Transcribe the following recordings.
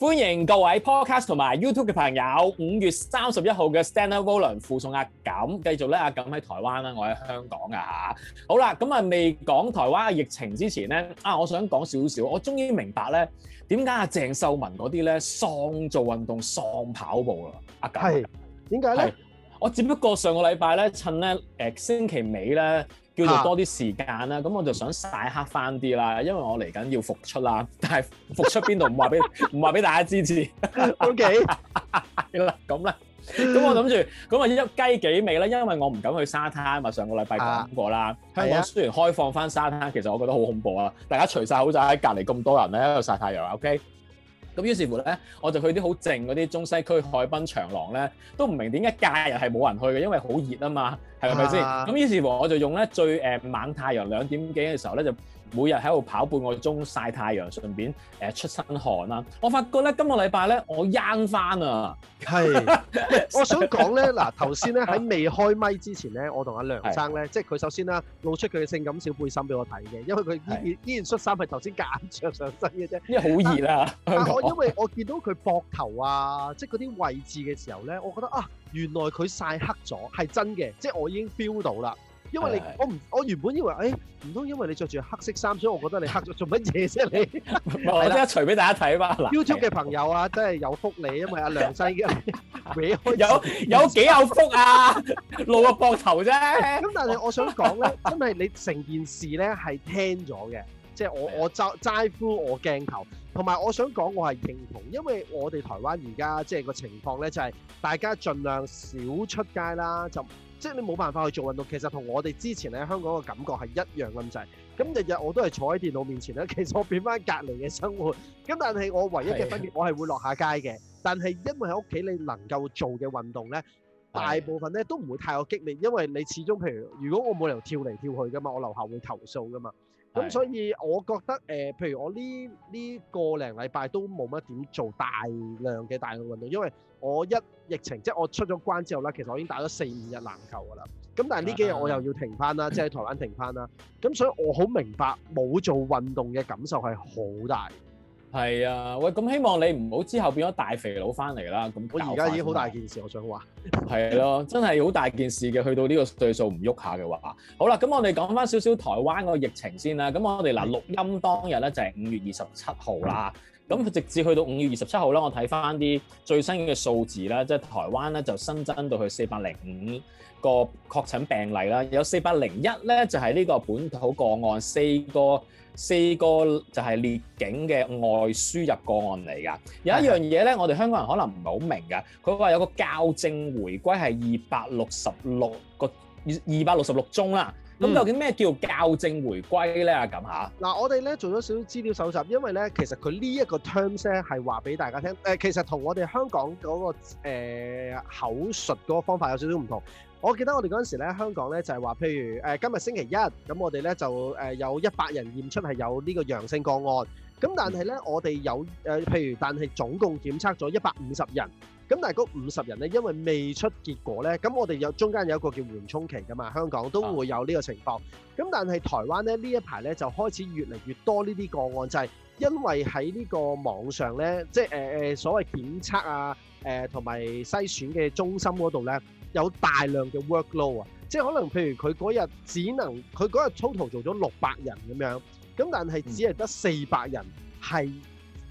歡迎各位 Podcast 同埋 YouTube 嘅朋友。五月三十一號嘅 Standard Volume 附送阿錦，繼續咧阿錦喺台灣啦，我喺香港噶、啊、吓。好啦，咁啊未講台灣嘅疫情之前咧，啊我想講少少，我終於明白咧點解阿鄭秀文嗰啲咧喪做運動、喪跑步啦。阿錦係點解咧？我只不過上個禮拜咧，趁咧誒、呃、星期尾咧。叫做多啲時間啦，咁、啊、我就想晒黑翻啲啦，因為我嚟緊要復出啦，但係復出邊度唔話俾唔話俾大家知知。OK 啦，咁啦，咁我諗住，咁或者一雞幾味咧，因為我唔敢去沙灘啊，上個禮拜講過啦，啊、香港雖然開放翻沙灘，其實我覺得好恐怖啊，大家除晒口罩喺隔籬咁多人咧喺度晒太陽，OK。咁於是乎咧，我就去啲好靜嗰啲中西區海濱長廊咧，都唔明點解假日係冇人去嘅，因為好熱啊嘛，係咪先？咁、啊、於是乎我就用咧最、呃、猛太陽兩點幾嘅時候咧就每日喺度跑半個鐘曬太陽，順便誒、呃、出身汗啦。我發覺咧，今個禮拜咧，我 young 返啊！係， 我想講咧，嗱頭先咧喺未開咪之前咧，我同阿梁生咧，即係佢首先啦，露出佢嘅性感小背心俾我睇嘅，因為佢依然的依件恤衫係頭先夾硬着上身嘅啫。因為好熱啊！但港我因為我見到佢膊頭啊，即係嗰啲位置嘅時候咧，我覺得啊，原來佢曬黑咗係真嘅，即、就、係、是就是、我已經 feel 到啦。因為你我唔我原本以為誒唔通因為你着住黑色衫，所以我覺得你黑咗做乜嘢啫？你 我即刻除俾大家睇嘛 ！YouTube 嘅朋友啊，真係有福利，因為阿梁生嘅搣開有有幾有福啊？露個膊頭啫！咁、嗯、但係我想講咧，真係你成件事咧係聽咗嘅，即、就、係、是、我 我就齋呼我鏡頭，同埋我想講我係認同，因為我哋台灣而家即係個情況咧，就係、是、大家儘量少出街啦，就。即係你冇辦法去做運動，其實同我哋之前喺香港嘅感覺係一樣咁滯。咁日日我都係坐喺電腦面前咧，其實我變翻隔離嘅生活。咁但係我唯一嘅分別，我係會落下街嘅。是的 但係因為喺屋企你能夠做嘅運動咧，大部分咧都唔會太有激烈，因為你始終譬如，如果我冇理由跳嚟跳去噶嘛，我樓下會投訴㗎嘛。咁、嗯、所以我覺得誒、呃，譬如我呢呢個零禮拜都冇乜點做大量嘅大嘅運動，因為我一疫情即係我出咗關之後咧，其實我已經打咗四五日籃球㗎啦。咁但係呢幾日我又要停翻啦，即係 喺台灣停翻啦。咁、嗯、所以，我好明白冇做運動嘅感受係好大。係啊，喂，咁、嗯、希望你唔好之後變咗大肥佬翻嚟啦。咁而家已經好大件事，嗯、我想話係咯，真係好大件事嘅。去到呢個歲數唔喐下嘅話，好啦、啊，咁我哋講翻少少台灣個疫情先啦。咁我哋嗱、啊、錄音當日咧就係、是、五月二十七號啦。咁直至去到五月二十七號咧，我睇翻啲最新嘅數字啦，即、就、係、是、台灣咧就新增到去四百零五，個確診病例啦，有四百零一咧，就係、是、呢個本土個案，四個四個就係列警嘅外輸入個案嚟㗎。的有一樣嘢咧，我哋香港人可能唔係好明㗎。佢話有個校正回歸係二百六十六個，二百六十六宗啦。咁究竟咩叫校正回歸咧？咁嚇、嗯？嗱樣，嗯、我哋咧做咗少少資料搜集，因為咧其實佢呢一個 term 咧係話俾大家聽，誒其實同我哋香港嗰、那個、呃、口述嗰個方法有少少唔同。我記得我哋嗰陣時咧，香港咧就係話，譬如誒今日星期一，咁我哋咧就誒有一百人驗出係有呢個陽性個案，咁但係咧我哋有誒譬如，但係總共檢測咗一百五十人，咁但係嗰五十人咧，因為未出結果咧，咁我哋有中間有一個叫緩衝期㗎嘛，香港都會有呢個情況。咁但係台灣咧呢一排咧就開始越嚟越多呢啲個案，就係因為喺呢個網上咧，即係誒誒所謂檢測啊，誒同埋篩選嘅中心嗰度咧。有大量嘅 workload 啊，即係可能譬如佢嗰日只能佢嗰日 total 做咗六百人咁樣，咁但係只係得四百人係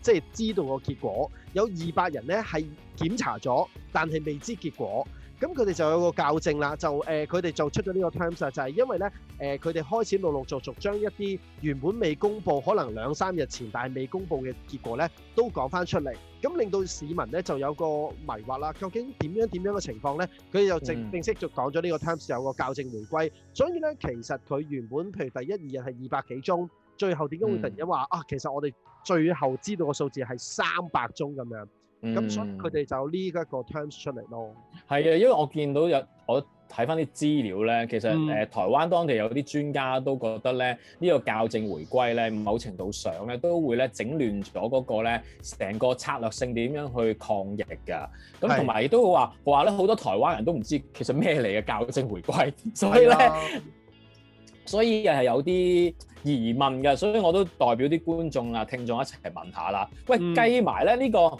即係知道個結果，有二百人咧係檢查咗，但係未知結果。咁佢哋就有個校正啦，就誒佢哋就出咗呢個 times 就係因為咧誒佢哋開始陸陸續續將一啲原本未公布可能兩三日前但係未公布嘅結果咧都講翻出嚟，咁令到市民咧就有個迷惑啦。究竟點樣點樣嘅情況咧？佢哋就正正式就講咗呢個 times 有個校正迴歸，所以咧其實佢原本譬如第一二日係二百幾宗，最後點解會突然間話啊？其實我哋最後知道嘅數字係三百宗咁樣，咁所以佢哋就呢一個 times 出嚟咯。係啊，因為我見到有我睇返啲資料咧，其實誒、嗯、台灣當地有啲專家都覺得咧，呢、呢個校正回歸咧，某程度上咧都會咧整亂咗嗰個咧成個策略性點樣去抗疫㗎。咁同埋亦都會話話咧，好多台灣人都唔知其實咩嚟嘅校正回歸，所以咧，的 所以又係有啲疑問嘅。所以我都代表啲觀眾啊、聽眾一齊問一下啦。喂，嗯、計埋咧呢、呢個。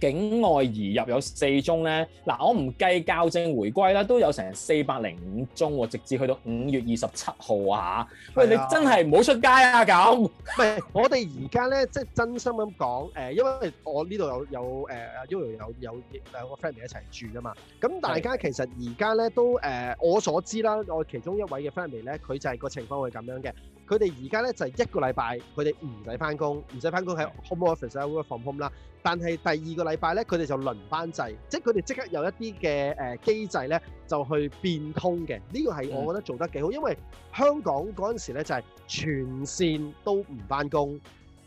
境外移入有四宗咧，嗱我唔計校正回歸啦，都有成四百零五宗喎，直至去到五月二十七號啊。是啊喂，你真係唔好出街啊咁。喂是， 我哋而家咧即係真心咁講，誒、呃，因為我呢度有有誒阿 Uly 有有兩個 friend 一齊住㗎嘛。咁大家其實而家咧都誒，我所知啦，我其中一位嘅 family 咧，佢就係個情況係咁樣嘅。佢哋而家咧就係一個禮拜，佢哋唔使翻工，唔使翻工喺 home office，喺 work from home 啦。但係第二個禮拜咧，佢哋就輪班制，即係佢哋即刻有一啲嘅誒機制咧，就去變通嘅。呢個係我覺得做得幾好，因為香港嗰陣時咧就係全線都唔翻工，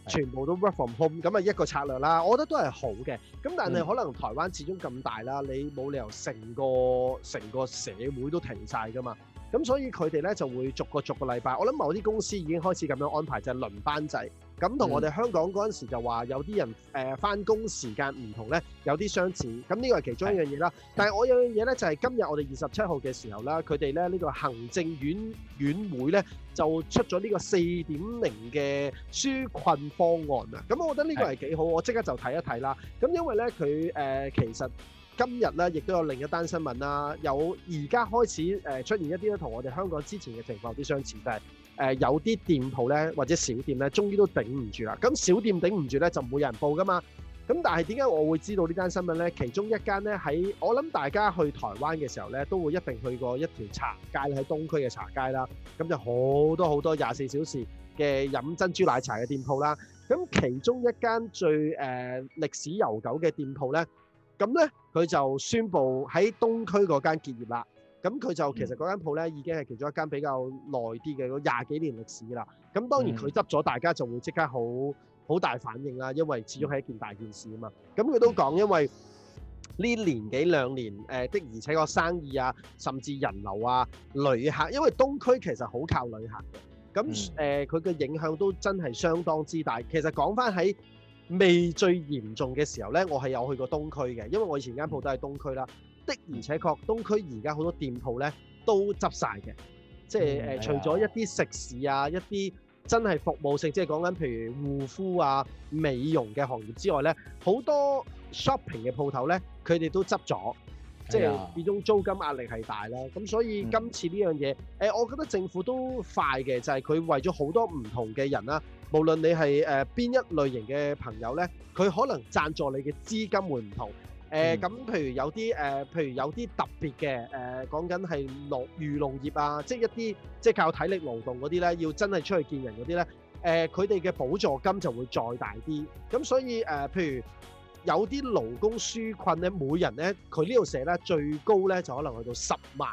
全部都 work from home，咁咪一個策略啦。我覺得都係好嘅。咁但係可能台灣始終咁大啦，你冇理由成個成個社會都停曬㗎嘛。咁所以佢哋咧就會逐個逐個禮拜，我諗某啲公司已經開始咁樣安排，就係、是、輪班制。咁同我哋香港嗰陣時就話有啲人誒翻工時間唔同咧，有啲相似。咁呢個係其中一樣嘢啦。是的 但係我有樣嘢咧，就係、是、今日我哋二十七號嘅時候啦，佢哋咧呢、這個行政院院會咧就出咗呢個四點零嘅紓困方案啊。咁我覺得呢個係幾好，是的 我即刻就睇一睇啦。咁因為咧佢誒其實。今日咧，亦都有另一單新聞啦。有而家開始誒出現一啲咧，同我哋香港之前嘅情況有啲相似，但係誒有啲店鋪咧，或者小店咧，終於都頂唔住啦。咁小店頂唔住咧，就唔會有人報㗎嘛。咁但係點解我會知道呢單新聞咧？其中一間咧，喺我諗大家去台灣嘅時候咧，都會一定去過一條茶街，喺東區嘅茶街啦。咁就好多好多廿四小時嘅飲珍珠奶茶嘅店鋪啦。咁其中一間最誒、呃、歷史悠久嘅店鋪咧。咁咧，佢就宣布喺東區嗰間結業啦。咁佢就其實嗰間鋪咧，已經係其中一間比較耐啲嘅，嗰廿幾年歷史啦。咁當然佢執咗，大家就會即刻好好大反應啦。因為始終係一件大件事啊嘛。咁佢都講，因為呢年幾兩年的而且確生意啊，甚至人流啊、旅客，因為東區其實好靠旅客嘅。咁誒，佢嘅影響都真係相當之大。其實講翻喺未最嚴重嘅時候呢，我係有去過東區嘅，因為我以前間鋪都喺東區啦。的而且確，東區而家好多店鋪呢都執晒嘅，即係、嗯呃、除咗一啲食肆啊，一啲真係服務性，即係講緊譬如護膚啊、美容嘅行業之外呢，好多 shopping 嘅鋪頭呢，佢哋都執咗，即係始終租金壓力係大啦。咁所以今次呢樣嘢，誒、嗯呃，我覺得政府都快嘅，就係、是、佢為咗好多唔同嘅人啦。無論你係誒邊一類型嘅朋友咧，佢可能贊助你嘅資金會唔同。誒咁，譬如有啲誒，譬如有啲特別嘅誒，講緊係農漁農業啊，即係一啲即係靠體力勞動嗰啲咧，要真係出去見人嗰啲咧。誒佢哋嘅補助金就會再大啲。咁所以誒，譬如有啲勞工紓困咧，每人咧佢呢度寫咧最高咧就可能去到十萬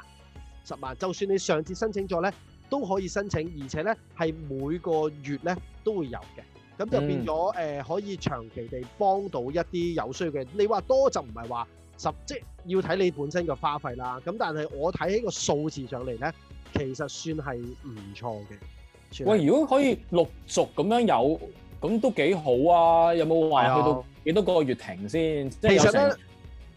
十萬。就算你上次申請咗咧，都可以申請，而且咧係每個月咧都會有嘅，咁就變咗誒、嗯呃、可以長期地幫到一啲有需要嘅。你話多就唔係話十，即要睇你本身嘅花費啦。咁但係我睇起個數字上嚟咧，其實算係唔錯嘅。喂，如果可以陸續咁樣有，咁都幾好啊！有冇話去到幾多個月停先？即係其實咧。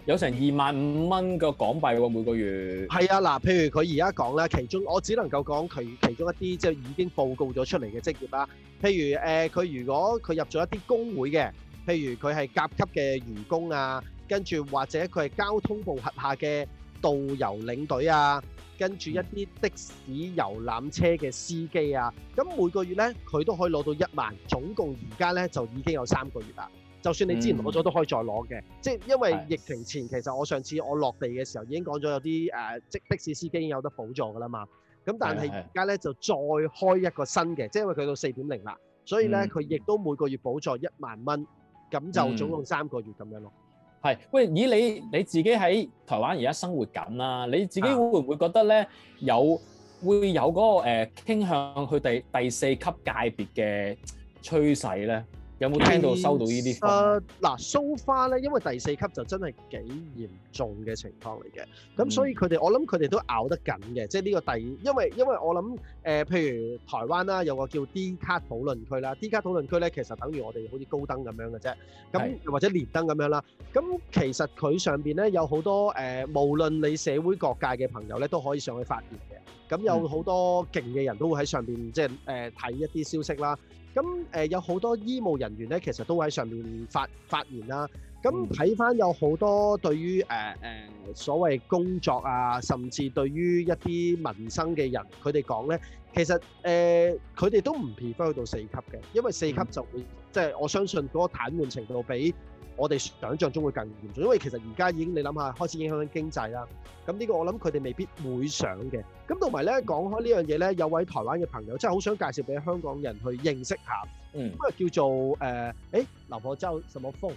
有成二萬五蚊個港幣喎、啊、每個月。係啊，嗱，譬如佢而家講啦，其中我只能夠講佢其中一啲即係已經報告咗出嚟嘅職業啦。譬如誒，佢、呃、如果佢入咗一啲工會嘅，譬如佢係甲級嘅漁工啊，跟住或者佢係交通部轄下嘅導遊領隊啊，跟住一啲的士遊覽車嘅司機啊，咁每個月咧佢都可以攞到一萬，總共而家咧就已經有三個月啦。就算你之前攞咗都可以再攞嘅，嗯、即係因為疫情前是其實我上次我落地嘅時候已經講咗有啲誒、呃、即的士司機已經有得補助噶啦嘛。咁但係而家咧就再開一個新嘅，即係因為佢到四點零啦，所以咧佢亦都每個月補助一萬蚊咁，就總共三個月咁樣咯。係喂，咦你你自己喺台灣而家生活緊啦，你自己會唔會覺得咧有會有嗰、嗰個誒傾向去第第四級界別嘅趨勢咧？有冇聽到收到呢啲？誒嗱、嗯，蘇花咧，so、far, 因為第四級就真係幾嚴重嘅情況嚟嘅，咁所以佢哋、嗯、我諗佢哋都咬得緊嘅，即係呢個第，因為因為我諗誒、呃，譬如台灣啦，有個叫 Dcard 討論區啦，Dcard 討論區咧，其實等於我哋好似高登咁樣嘅啫，咁是或者連登咁樣啦，咁其實佢上邊咧有好多誒、呃，無論你社會各界嘅朋友咧，都可以上去發言嘅，咁有好多勁嘅人都會喺上邊即係誒睇一啲消息啦。咁誒、呃、有好多醫務人員咧，其實都喺上面發發言啦、啊。咁睇翻有好多對於誒誒所謂工作啊，甚至對於一啲民生嘅人，佢哋講咧，其實誒佢哋都唔 prefer 去到四級嘅，因為四級、嗯、就會。即係我相信嗰個癱瘓程度比我哋想像中會更嚴重，因為其實而家已經你諗下開始影響緊經濟啦。咁呢個我諗佢哋未必會想嘅。咁同埋咧講開呢樣嘢咧，有位台灣嘅朋友真係好想介紹俾香港人去認識下，咁啊、嗯、叫做誒，誒林火州什麼鳳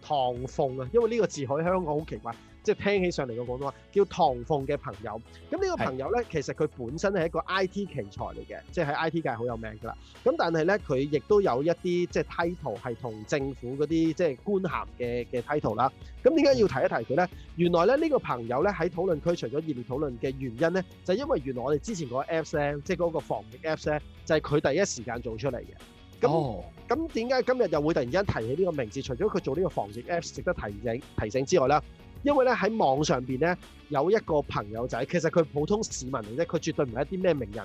唐鳳啊，因為呢個字喺香港好奇怪。即係聽起上嚟個講法，叫唐鳳嘅朋友。咁呢個朋友咧，其實佢本身係一個 I.T. 奇才嚟嘅，即係喺 I.T. 界好有名㗎、就是就是、啦。咁但係咧，佢亦都有一啲即係 title 係同政府嗰啲即係官銜嘅嘅 title 啦。咁點解要提一提佢咧？原來咧呢、呢個朋友咧喺討論區，除咗熱烈討論嘅原因咧，就係、因為原來我哋之前個 apps 咧，即係嗰個防疫 apps 咧，就係、係、佢第一時間做出嚟嘅。咁咁點解今日又會突然之間提起呢個名字？除咗佢做呢個防疫 apps 值得提醒提醒之外咧？因為咧喺網上邊咧有一個朋友仔，其實佢普通市民嚟啫，佢絕對唔係一啲咩名人，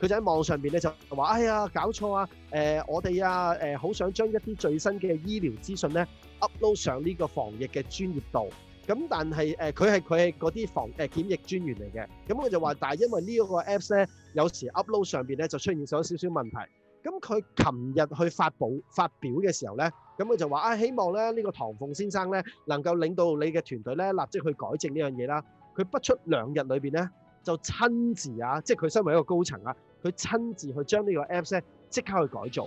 佢就喺網上邊咧就話：哎呀，搞錯啊！誒、呃，我哋啊誒，好、呃、想將一啲最新嘅醫療資訊咧 upload 上呢個防疫嘅專業度。咁但係誒，佢係佢係嗰啲防誒檢疫專員嚟嘅。咁佢就話，但係因為呢一個 apps 咧有時 upload 上邊咧就出現咗少少問題。咁佢琴日去發布發表嘅時候咧，咁佢就話啊，希望咧呢個唐鳳先生咧能夠領導你嘅團隊咧立即去改正呢樣嘢啦。佢不出兩日裏邊咧，就親自啊，即係佢身為一個高層啊，佢親自去將個呢個 Apps 即刻去改造。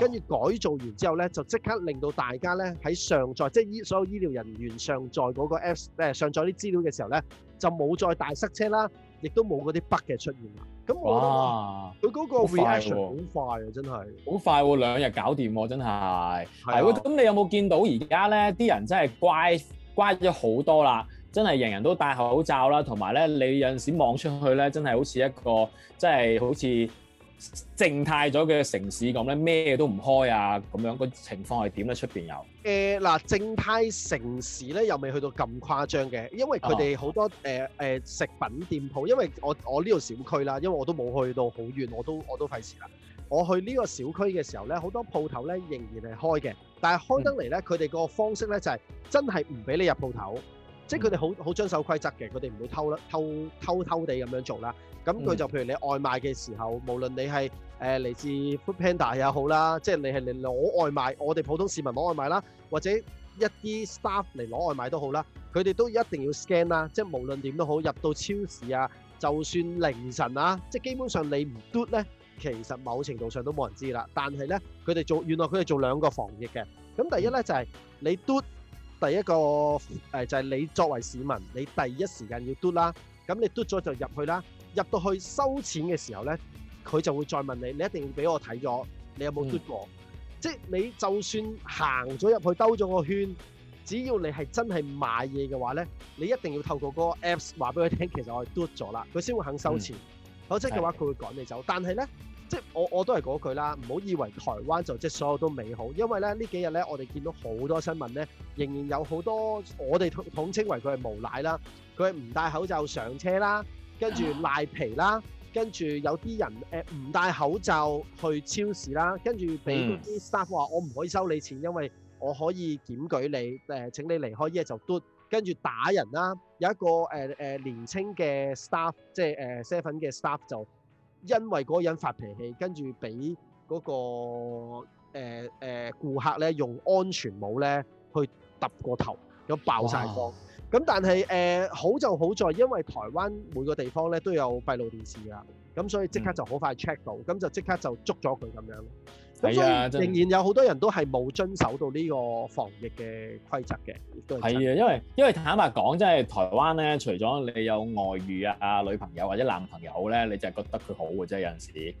跟住改造完之後咧，就即刻令到大家咧喺上載，即係醫所有醫療人員上載嗰個 Apps，誒上載啲資料嘅時候咧，就冇再大塞車啦，亦都冇嗰啲 bug 嘅出現啦。咁哇，佢嗰個 reaction 好快，啊、快啊，真係好快喎，啊啊！兩日搞掂喎，啊，真係係喎。咁、啊、你有冇見到而家咧啲人真係乖乖咗好多啦？真係人人都戴口罩啦，同埋咧你有陣時望出去咧，真係好似一個真係好似。靜態咗嘅城市咁咧，咩都唔開啊，咁樣個情況係點咧？出邊有？誒，嗱，靜態城市咧又未去到咁誇張嘅，因為佢哋好多誒誒、呃呃、食品店鋪，因為我我呢度小區啦，因為我都冇去到好遠，我都我都費事啦。我去呢個小區嘅時候咧，好多鋪頭咧仍然係開嘅，但係開得嚟咧，佢哋個方式咧就係、是、真係唔俾你入鋪頭。即係佢哋好好遵守規則嘅，佢哋唔會偷啦、偷偷偷哋咁樣做啦。咁佢就譬如你外賣嘅時候，無論你係誒嚟自 Foodpanda 也好啦，即係你係嚟攞外賣，我哋普通市民攞外賣啦，或者一啲 staff 嚟攞外賣都好啦，佢哋都一定要 scan 啦。即係無論點都好，入到超市啊，就算凌晨啊，即係基本上你唔 do 咧，其實某程度上都冇人知啦。但係咧，佢哋做原來佢哋做兩個防疫嘅。咁第一咧就係你 do。第一個誒、呃、就係、是、你作為市民，你第一時間要嘟啦，咁你嘟咗就入去啦。入到去收錢嘅時候咧，佢就會再問你，你一定要俾我睇咗，你有冇嘟 o 過？嗯、即係你就算行咗入去兜咗個圈，只要你係真係買嘢嘅話咧，你一定要透過嗰個 apps 話俾佢聽，其實我係嘟咗啦，佢先會肯收錢。否則嘅話佢會趕你走。嗯、但係咧。即係我我都係嗰句啦，唔好以為台灣就即係所有都美好，因為咧呢幾日咧，我哋見到好多新聞咧，仍然有好多我哋統稱為佢係無賴啦，佢係唔戴口罩上車啦，跟住賴皮啦，跟住有啲人誒唔、呃、戴口罩去超市啦，跟住俾嗰啲 staff 話我唔可以收你錢，因為我可以檢舉你誒、呃，請你離開。呢嘢就嘟，跟住打人啦，有一個誒誒、呃呃、年青嘅 staff，即係 Seven 嘅、呃、staff 就。因為嗰人發脾氣，跟住俾嗰個誒誒、呃呃、顧客咧用安全帽咧去揼個頭，咁爆晒光。咁哇但係誒、呃、好就好在，因為台灣每個地方咧都有閉路電視㗎，咁所以即刻就好快 check 到，咁、嗯、就即刻就捉咗佢咁樣。係啊，仍然有好多人都係冇遵守到呢個防疫嘅規則嘅，亦都係。係啊，因為因為坦白講，即係台灣咧，除咗你有外遇啊、女朋友或者男朋友咧，你就覺得佢好嘅，即係有陣時，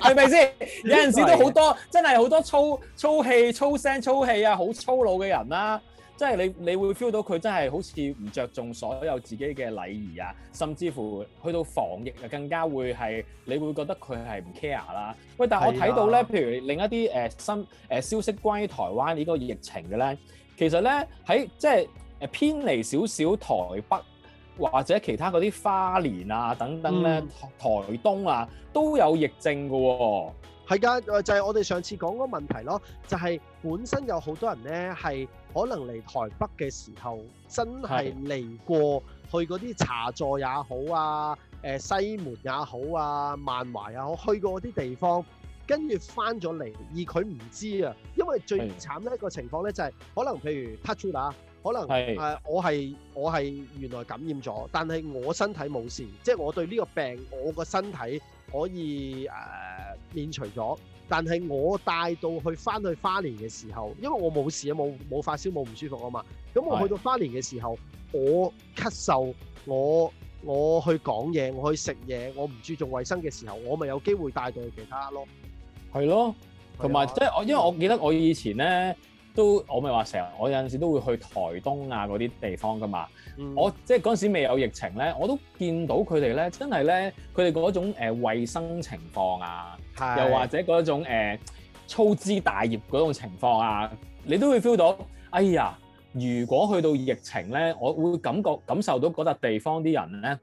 係咪先？有陣時都好多都真係好多粗粗氣粗聲粗氣粗啊，好粗魯嘅人啦。即係你，你會 feel 到佢真係好似唔着重所有自己嘅禮儀啊，甚至乎去到防疫啊，更加會係你會覺得佢係唔 care 啦。喂，但係我睇到咧，譬如另一啲誒新誒、啊、消息，關於台灣呢個疫情嘅咧，其實咧喺即係偏離少少台北或者其他嗰啲花蓮啊等等咧，嗯、台東啊都有疫症㗎喎、哦。係噶，就係、是、我哋上次講嗰個問題咯，就係、是、本身有好多人咧係。可能嚟台北嘅時候，真係嚟過去嗰啲茶座也好啊，誒西門也好啊，萬華也好，去過嗰啲地方，跟住返咗嚟，而佢唔知啊。因為最慘一個情況咧就係、是，可能譬如 toucher 啊，可能誒是、呃、我係我係原來感染咗，但係我身體冇事，即、就、係、是、我對呢個病，我個身體可以誒、呃、免除咗。但係我帶到去返去花蓮嘅時候，因為我冇事啊，冇冇發燒，冇唔舒服啊嘛。咁我去到花蓮嘅時候，我咳嗽，我我去講嘢，我去食嘢，我唔注重衞生嘅時候，我咪有機會帶到去其他咯。係咯，同埋即係我，的因為我記得我以前咧。都我咪話成日，我有陣時都會去台東啊嗰啲地方㗎嘛。嗯、我即係嗰陣時未有疫情咧，我都見到佢哋咧，真係咧，佢哋嗰種誒、呃、衞生情況啊，是又或者嗰種粗枝、呃、大葉嗰種情況啊，你都會 feel 到。哎呀，如果去到疫情咧，我會感覺感受到嗰笪地方啲人咧，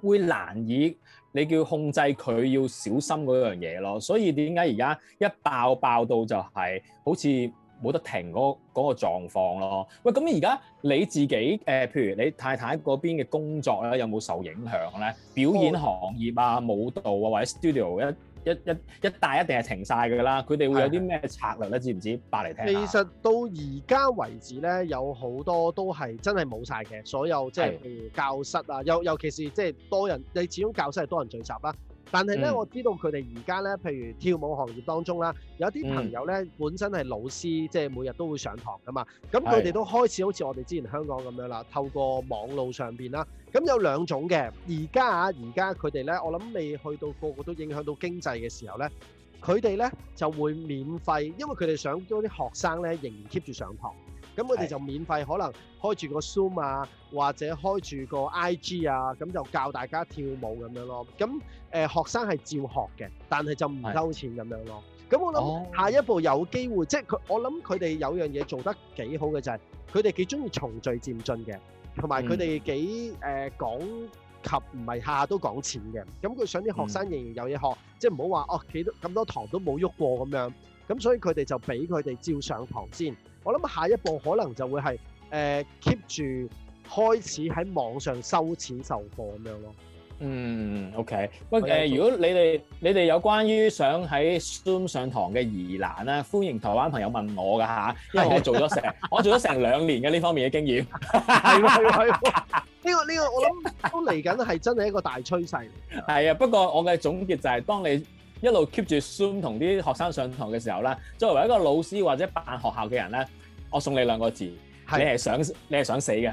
會難以你叫控制佢要小心嗰樣嘢咯。所以點解而家一爆爆到就係、是、好似冇得停嗰、嗰個狀況咯。喂，咁而家你自己誒、呃，譬如你太太嗰邊嘅工作咧，有冇受影響咧？表演行業啊、舞蹈啊或者 studio 一一一一大一定係停曬㗎啦。佢哋會有啲咩策略咧？的知唔知？白嚟聽。其實到而家為止咧，有好多都係真係冇晒嘅，所有即係教室啊，尤的尤其是即係多人，你始終教室係多人聚集啦。但係咧，嗯、我知道佢哋而家咧，譬如跳舞行業當中啦，有啲朋友咧、嗯、本身係老師，即係每日都會上堂噶嘛。咁佢哋都開始好似我哋之前香港咁樣啦，透過網路上邊啦。咁有兩種嘅，而家啊，而家佢哋咧，我諗未去到個個都影響到經濟嘅時候咧，佢哋咧就會免費，因為佢哋想多啲學生咧仍然 keep 住上堂。咁我哋就免費，可能開住個 Zoom 啊，或者開住個 IG 啊，咁就教大家跳舞咁樣咯。咁誒學生係照學嘅，但係就唔收錢咁樣咯。咁我諗下一步有機會，即係佢我諗佢哋有樣嘢做得幾好嘅就係，佢哋幾鍾意循序漸進嘅，同埋佢哋幾誒講及唔係下下都講錢嘅。咁佢想啲學生仍然有嘢學，即係唔好話哦幾多咁多堂都冇喐過咁樣。咁所以佢哋就俾佢哋照上堂先。我諗下一步可能就會係誒 keep 住開始喺網上收錢售貨咁樣咯，嗯。嗯，OK 以。喂、呃，誒，如果你哋你哋有關於想喺 Zoom 上堂嘅疑難咧，歡迎台灣朋友問我㗎嚇，因為我做咗成， 我做咗成兩年嘅呢方面嘅經驗。係啊係啊呢個呢、呢個我諗都嚟緊係真係一個大趨勢嚟。係啊，不過我嘅總結就係、是、當你。一路 keep 住 zoom 同啲學生上堂嘅時候啦，作為一個老師或者辦學校嘅人咧，我送你兩個字，你係想你係想死嘅。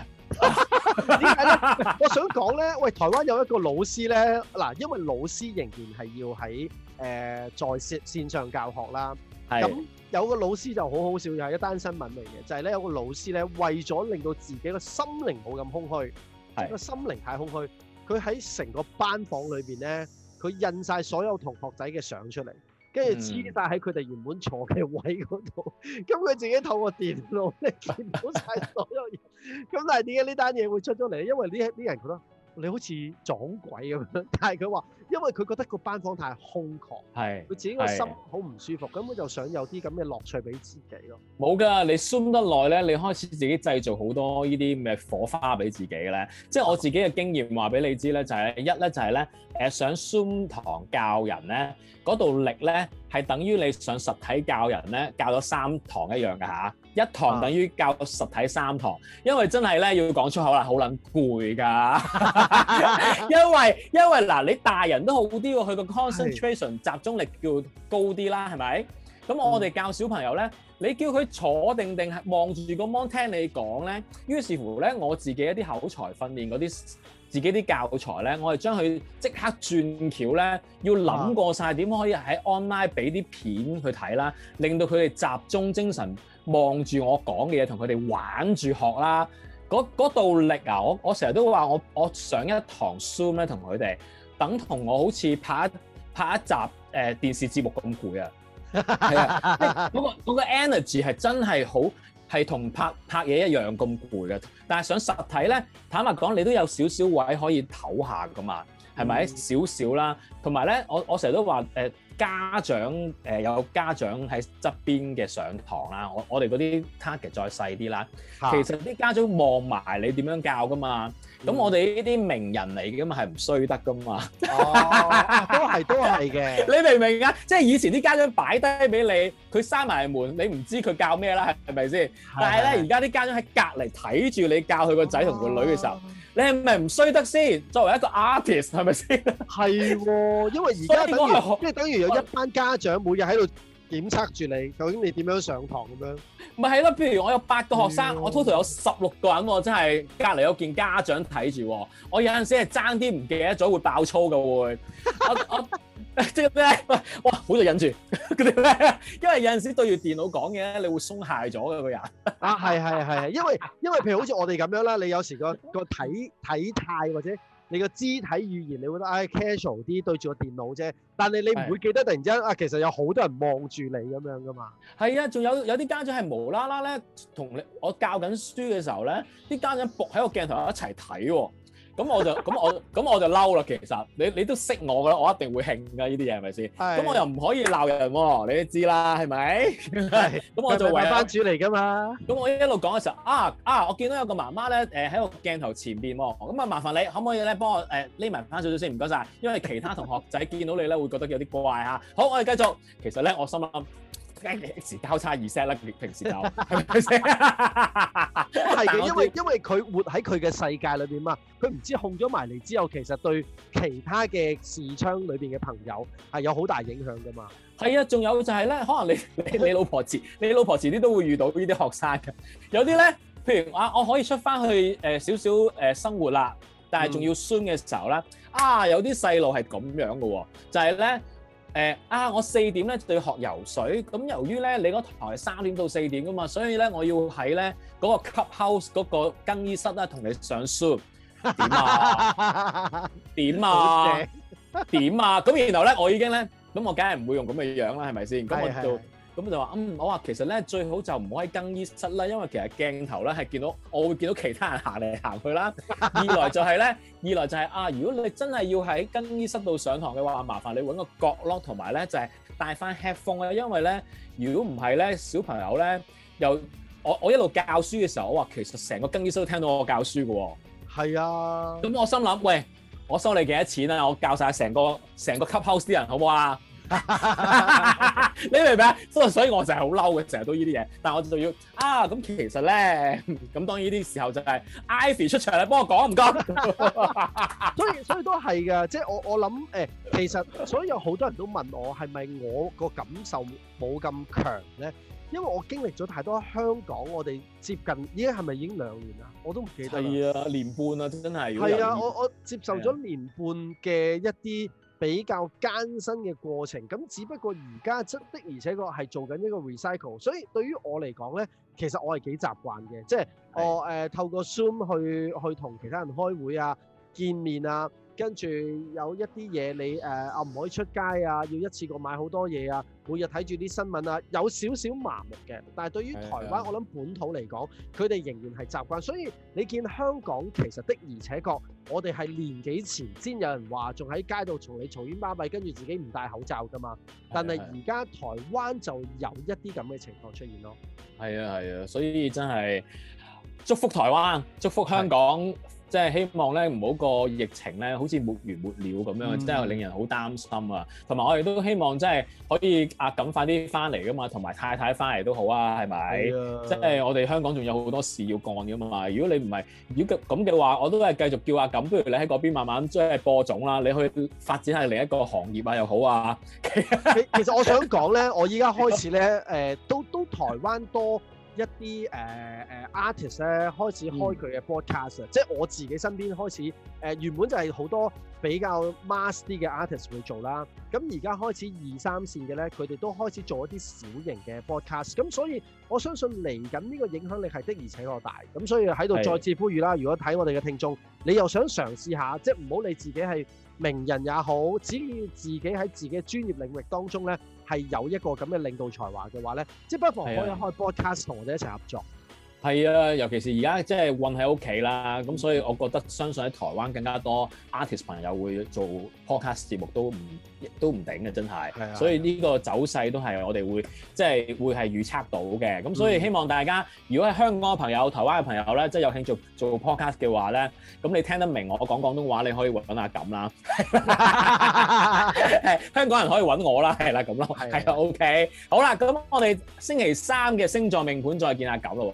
點解咧？我想講咧，喂，台灣有一個老師咧，嗱，因為老師仍然係要喺誒在線線上教學啦。係。咁有個老師就好好笑，又係一單新聞嚟嘅，就係咧有個老師咧，為咗令到自己個心靈冇咁空虛，係。個心靈太空虛，佢喺成個班房裏邊咧。佢印曬所有同學仔嘅相出嚟，跟住黐曬喺佢哋原本坐嘅位嗰度，咁佢自己透過電腦咧見到曬所有嘢。咁 但係點解呢單嘢會出咗嚟？因為呢啲人覺得你好似撞鬼咁樣，但係佢話。因為佢覺得個班房太空曠，係佢是自己個心好唔舒服，咁佢是就想有啲咁嘅樂趣俾自己咯。冇㗎，你 zoom 得耐咧，你開始自己製造好多呢啲咩火花俾自己咧。即係我自己嘅經驗話俾你知、就、咧、是啊，就係一咧就係咧，誒上 zoom 堂教人咧，嗰度力咧係等於你上實體教人咧教咗三堂一樣㗎嚇，一堂等於教實體三堂，因為真係咧要講出口啦，好撚攰㗎。因為因為嗱你大人，都好啲喎，佢個 concentration 是集中力叫高啲啦，係咪咁？我哋教小朋友咧，嗯、你叫佢坐定定，望住個 mon 聽你講咧。於是乎咧，我自己一啲口才訓練嗰啲，自己啲教材咧，我哋將佢即刻轉橋咧，要諗過晒點、啊、可以喺 online 俾啲片去睇啦，令到佢哋集中精神望住我講嘅嘢，同佢哋玩住學啦。嗰嗰度力啊，我我成日都話我我，我上一堂 Zoom 咧，同佢哋。等同我好似拍一拍一集誒、呃、電視節目咁攰啊！嗰、 嗰個嗰、嗰個 energy 係真係好係同拍拍嘢一樣咁攰嘅，但係想實體咧，坦白講你都有少少位可以唞下㗎嘛，係咪？嗯、少少啦，同埋咧，我我成日都話誒。呃家長誒、呃、有家長喺側邊嘅上堂啦，我我哋嗰啲 target 再細啲啦。其實啲家長望埋你點樣教噶嘛，咁我哋呢啲名人嚟嘅嘛，係唔衰得噶嘛。都係都係嘅。 你明唔明啊？即係以前啲家長擺低俾你，佢閂埋門，你唔知佢教咩啦，係咪先？但係咧，而家啲家長喺隔籬睇住你教佢個仔同個女嘅時候。哦你係咪唔衰得先？作為一個 artist，係咪先？係喎， 因為而家等於，即係 等於有一班家長每日喺度。檢測住你，究竟你點樣上堂咁樣？唔係咯，譬如我有八個學生，嗯、我 total 有十六個人喎，真係隔離有見家長睇住，我有陣時係爭啲唔記得咗會爆粗嘅喎，我 我即係咩？哇，好就忍住嗰啲咩？ 因為有陣時對住電腦講嘢，你會鬆懈咗嘅個人。啊，係係係，因為因為譬如好似我哋咁樣啦，你有時個個體體態或者。你個肢體語言你會、啊啊你，你覺得唉 casual 啲，對住個電腦啫。但係你唔會記得突然之間啊，其實有好多人望住你咁樣㗎嘛。係啊，仲有有啲家長係無啦啦咧，同我教緊書嘅時候呢，啲家長伏喺個鏡頭一齊睇喎。哦咁我就咁我咁我就嬲啦，其實你你都識我噶，我一定會興噶呢啲嘢係咪先？咁我又唔可以鬧人喎，你都知啦，係咪？咁我就係班主嚟噶嘛。咁我一路講嘅時候，啊啊，我見到有個媽媽咧，誒喺個鏡頭前邊喎，咁啊，麻煩你可唔可以咧幫我誒匿埋翻少少先，唔該晒！因為其他同學仔見到你咧會覺得有啲怪嚇。好，我哋繼續。其實咧，我心諗。交叉二 set 啦，平平時教係咪係嘅，因為因為佢活喺佢嘅世界裏邊嘛，佢唔知控咗埋嚟之後，其實對其他嘅視窗裏邊嘅朋友係、啊、有好大影響噶嘛。係啊，仲有就係、是、咧，可能你你，你，老 你老婆遲你老婆遲啲都會遇到呢啲學生嘅。有啲咧，譬如我我可以出翻去誒少少誒生活啦，但係仲要 Zoom 嘅時候啦，啊有啲細路係咁樣嘅喎，就係、是、咧。誒啊！我四點咧就要學游水，咁由於咧你嗰台係三點到四點噶嘛，所以咧我要喺咧嗰個 clubhouse 嗰個更衣室咧，同你上 sup，點啊？點啊？點啊？咁然後咧我已經咧，咁我梗係唔會用咁嘅樣啦，係咪先？咁我做。咁就話，嗯，我話其實咧，最好就唔好喺更衣室啦，因為其實鏡頭咧係見到，我會見到其他人行嚟行去啦。二來就係咧， 二來就係、是、啊，如果你真係要喺更衣室度上堂嘅話，麻煩你揾個角落同埋咧就係、是、戴翻 headphone 啊，因為咧如果唔係咧，小朋友咧又我我一路教書嘅時候，我話其實成個更衣室都聽到我教書嘅喎。係啊。咁、啊嗯、我心諗，喂，我收你幾多錢啊？我教晒成個成個 cup house 啲人，好唔好啊？你明唔明啊？所以所以我成日好嬲嘅，成日都呢啲嘢，但係我仲要啊！咁其實咧，咁當然呢啲時候就係 Ivy 出場喇，幫我講唔講，所以所以都係嘅。即係我我諗誒，其實所以有好多人都問我係咪我個感受冇咁強咧？因為我經歷咗太多香港，我哋接近而家係咪已經兩年啦？我都唔記得係啊，年半啊，真係係啊！我我接受咗年半嘅一啲。比較艱辛嘅過程，咁只不過而家真的而且確係做緊呢個 recycle，所以對於我嚟講咧，其實我係幾習慣嘅，即、就、係、是、我誒的、呃、透過 Zoom 去去同其他人開會啊、見面啊。跟住有一啲嘢你誒，我、uh，唔可以出街啊，要一次過買好多嘢啊，每日睇住啲新聞啊，有少少麻木嘅。但係對於台灣，的我諗本土嚟講，佢哋仍然係習慣。所以你見香港其實的而且確我哋係年幾前先有人話仲喺街度嘈你嘈喧巴閉，跟住自己唔戴口罩㗎嘛。但係而家台灣就有一啲咁嘅情況出現咯。係啊係啊，所以真係祝福台灣，祝福香港。即係希望咧，唔好個疫情咧，好似沒完沒了咁樣，嗯、真係令人好擔心太太好啊！同埋我哋都希望，即係可以阿錦快啲翻嚟噶嘛，同埋太太翻嚟都好啊，係咪？即係我哋香港仲有好多事要幹噶嘛。如果你唔係，如果咁嘅話，我都係繼續叫阿錦，不如你喺嗰邊慢慢即係播種啦，你去發展下另一個行業啊又好啊。其實，其實我想講咧，我依家開始咧，誒、呃，都都台灣多。一啲誒誒 artist 咧開始開佢嘅 podcast，即係我自己身邊開始誒、呃，原本就係好多比較 master 嘅 artist 會做啦。咁而家開始二三綫嘅咧，佢哋都開始做一啲小型嘅 podcast。咁所以我相信嚟緊呢個影響力係的而且確大。咁所以喺度再次呼籲啦，是的 如果睇我哋嘅聽眾，你又想嘗試下，即係唔好你自己係名人也好，只要自己喺自己嘅專業領域當中咧，係有一個咁嘅領導才華嘅話咧，即係不妨可以開 podcast 同的我哋一齊合作。係啊，尤其是而家即係韞喺屋企啦，咁所以我覺得相信喺台灣更加多 artist 朋友會做 podcast 節目都唔都唔頂嘅，真係。係是啊。所以呢個走勢都係我哋會即係、就是、會係預測到嘅。咁所以希望大家，如果係香港嘅朋友、台灣嘅朋友咧，即係有興趣做，做 podcast 嘅話咧，咁你聽得明我講廣東話，你可以揾阿錦啦。係 香港人可以揾我啦，係啦，咁咯，係是啊，啊，OK。好啦，咁我哋星期三嘅星座命盤再見，阿錦嘅